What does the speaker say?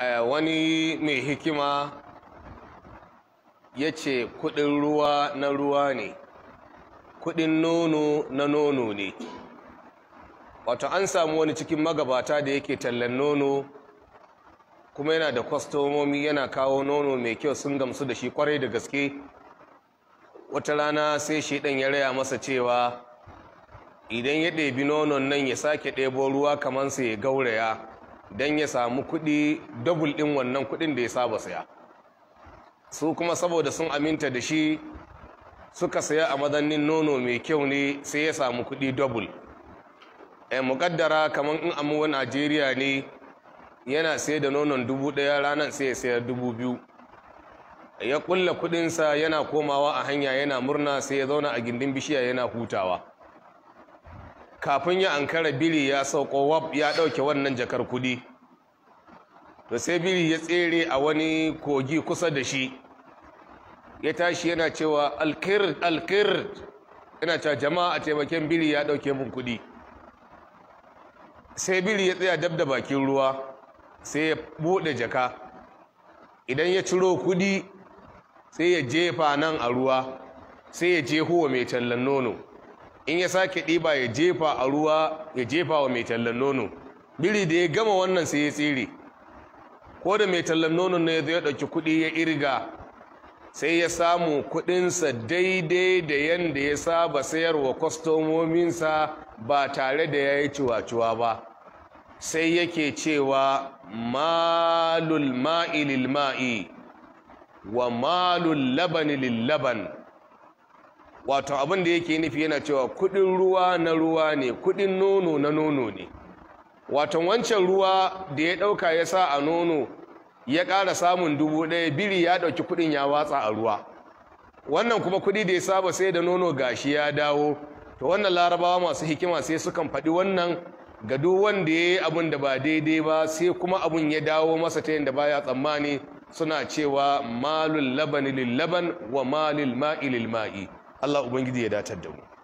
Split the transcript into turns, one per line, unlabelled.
Eh, wani mai hikima ya ce kudin ruwa na ruwa ne kudin nono na nono ne wato an samu wani cikin magabata da yake tallan nono kuma yana da kwastomomi yana kawo nono mai kyau sun gamsu da shi kwarai da gaske wata rana sai shi shaidan ya raya masa cewa idan ya ɗebi nonon nan ya sake ɗebo ruwa kamar sai ya gauraya don ya samu kuɗi dabul ɗin wannan kuɗin da ya saba saya su kuma saboda sun aminta da shi suka saya a madannin nono mai kyau ne sai ya samu kuɗi dabul e eh, Mukaddara kamar in amuwa najeriya ne yana sayar da nonon dubu ɗaya ranar sai ya sayar dubu biyu ya ƙulla kuɗinsa yana komawa a hanya yana murna sai ya zauna a gindin bishiya yana hutawa kafin ya ankara biri ya sauko wab ya dauke wannan jakar kudi to sai biri ya tsere a wani kogi kusa da shi ya tashi yana cewa alkir alkir yana cewa jama'a a taimaken biri ya dauke mun kudi sai biri ya tsaya dab da bakin ruwa sai ya buɗe jaka idan ya ciro kudi sai ya jefa nan a ruwa sai ya jeho wa mai tallan nono in ya sake ɗiba ya jefa a ruwa ya jefa wa mai tallan nono biri da ya gama wannan sai ya tsere ko da mai tallan nono ne ya ɗauki kuɗi ya irga sai ya samu kuɗinsa daidai da yadda ya saba sayarwa kwastomominsa ba tare da ya yi ciwa ba sai yake cewa malul ma'i lil ma'i wa malul labani lil laban wato abin da yake nufi yana cewa kudin ruwa na ruwa ne kudin nono na nono ne wato wancan ruwa da ya dauka ya sa a nono ya kara samun dubu ɗaya biri ya ɗauki kudin ya watsa a ruwa wannan kuma kudi da ya saba sai da nono gashi ya dawo to wannan larabawa masu hikima sai sukan faɗi wannan ga duk wanda ya yi abin da ba daidai ba sai kuma abin ya dawo masa ta yadda baya tsammani suna cewa malul labani lil laban wa malil ma'i lil ma'i Allah ubangiji ya datar da mu